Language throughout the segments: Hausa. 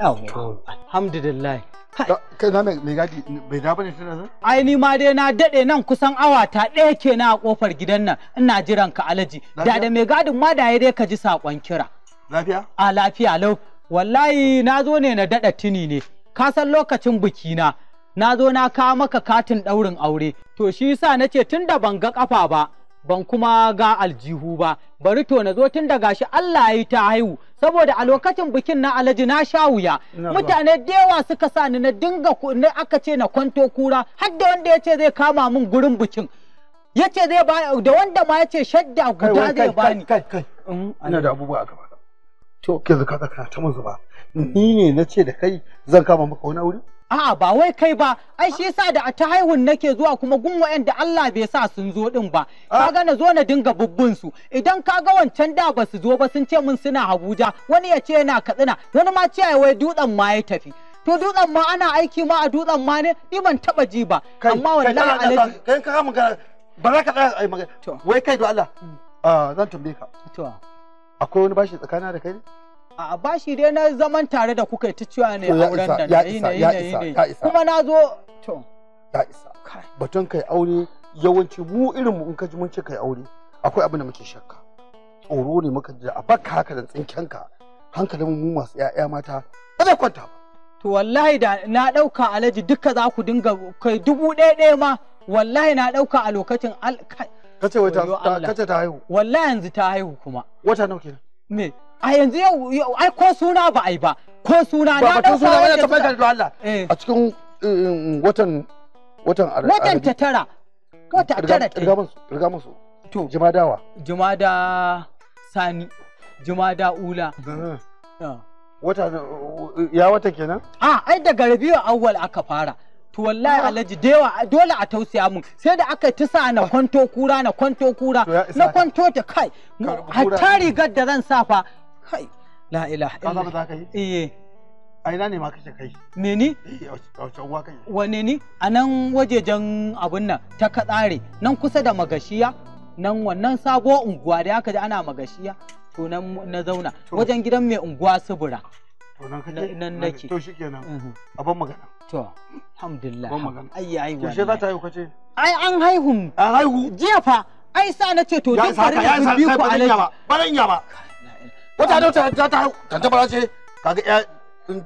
alhamdulillah kai na mai gadi bai da bane tana zan ai ni ma dai na dade nan kusan awa ta ɗaya kenan a kofar gidan nan ina jiran ka alaji da da mai gadin ma da ya dai ka ji sakon kira lafiya a lafiya lau wallahi na zo ne na dada tuni ne ka san lokacin biki na na zo na kawo maka katin ɗaurin aure to shi yasa tun tunda ban ga kafa ba ban kuma ga aljihu ba bari to na zo tun da shi Allah ya yi ta haihu saboda a lokacin bikin na alhaji na sha wuya mutane da yawa suka sa ni na dinga ne aka ce na kwanto kura har da wanda ya ce zai kama min gurin bikin ya ce zai ba da wanda ma ya ce shadda guda zai bani kai kai kai mm. ina da abubuwa a gaba to ke zaka tsaka ta mun zuba Mm. ni ne na ce da kai zan kama maka wani aure a'a ba wai kai ba ai shi yasa da a ta haihun nake zuwa kuma gun da Allah bai sa sun zo din ba ah. ka na zo na dinga bubbunsu. su idan ga wancan da ba su zo ba sun ce mun suna Abuja wani ya ce yana Katsina wani ma ce wai dutsen ma ya tafi to dutsen ma ana aiki ma a dutsen ma ne ni ban taɓa ji ba amma wallahi alaji kai ka magana ba za ka tsaya magana wai kai do Allah mm. ah, zan tambaye ka to akwai wani bashi tsakanin da kai ne a ba shi dai na zaman tare da kuka ta cewa ne auren da na yi ne yi ne kuma na zo to ya isa batun kai aure yawanci mu irin mu in ka ji mun ce kai aure akwai abin da muke shakka tsoro ne muka ji a baka haka da tsinken ka. hankalin mu masu ƴaƴa mata ba zai kwanta ba to wallahi da na ɗauka alaji duka za ku dinga kai dubu ɗaya ɗaya ma wallahi na ɗauka a lokacin kace wata ta kace ta haihu wallahi yanzu ta haihu kuma wata nawa kenan me a yanzu yau ai ko suna ba ai ba ko suna na dan suna wani ta barka da Allah eh. a cikin eh, eh, watan watan ara watan ta tara ta tara ta riga musu riga musu to jumadawa jumada sani jumada ula ah. wata ya wata kenan a ah, ai daga rabiul awwal aka fara to wallahi alhaji da yawa dole a tausaya mun sai da aka ta sa na kwanto kura na kwanto kura na kwanto ta kai hatta rigar da zan sa fa kai la ilaha illa ba za ka yi eh a ina ne ma kake kai me ni eh, wane ni a nan wajejen abun nan ta katsare nan kusa da magashiya nan wannan sabo unguwa da aka ji ana magashiya to nan na zauna wajen gidan mai unguwa subura nan nake to shikenan mhm. a ban magana to alhamdulillah ban magana ai ai wannan za ta haihu kace ai an haihu an haihu jiya fa ai sa na ce to duk bari da biyu ku alaji ba baran ya ba wata da ta ta ta ta ce kaga ya in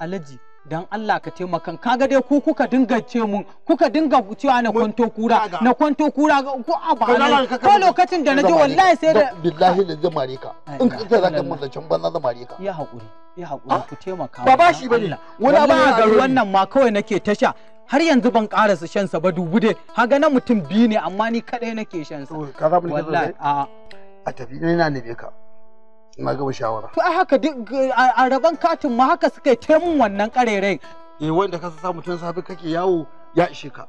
alaji dan Allah ka ka kaga dai ku kuka dinga ce mun kuka dinga cewa na kwanto kura na kwanto kura ko a ko lokacin da naje wallahi sai da billahi da zamare ka in ka ta zaka mun zancan banza zamare ka ya hakuri ya hakuri ah? ku taimaka ba ba shi bane wala ba ga wannan ma kawai nake tasha har yanzu ban karasa shan sa ba dubu dai haga na mutum biyu ne amma ni kadai nake shan sa wallahi a a tafi ne na ne ka na gaba shawara to haka duk a rabon katin ma haka suka yi mun wannan karerai eh wanda ka sa mutum safi kake yawo ya ishe ka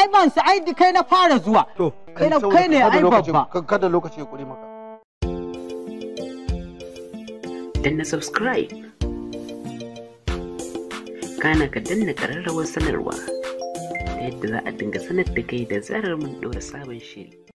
ai ban sa ai kai na fara zuwa to kai na kai ne ai babba kada lokaci ya kure maka danna subscribe kana ka danna kararrawar sanarwa ta yadda za a dinga sanar da kai da zarar mun ɗora sabon shiri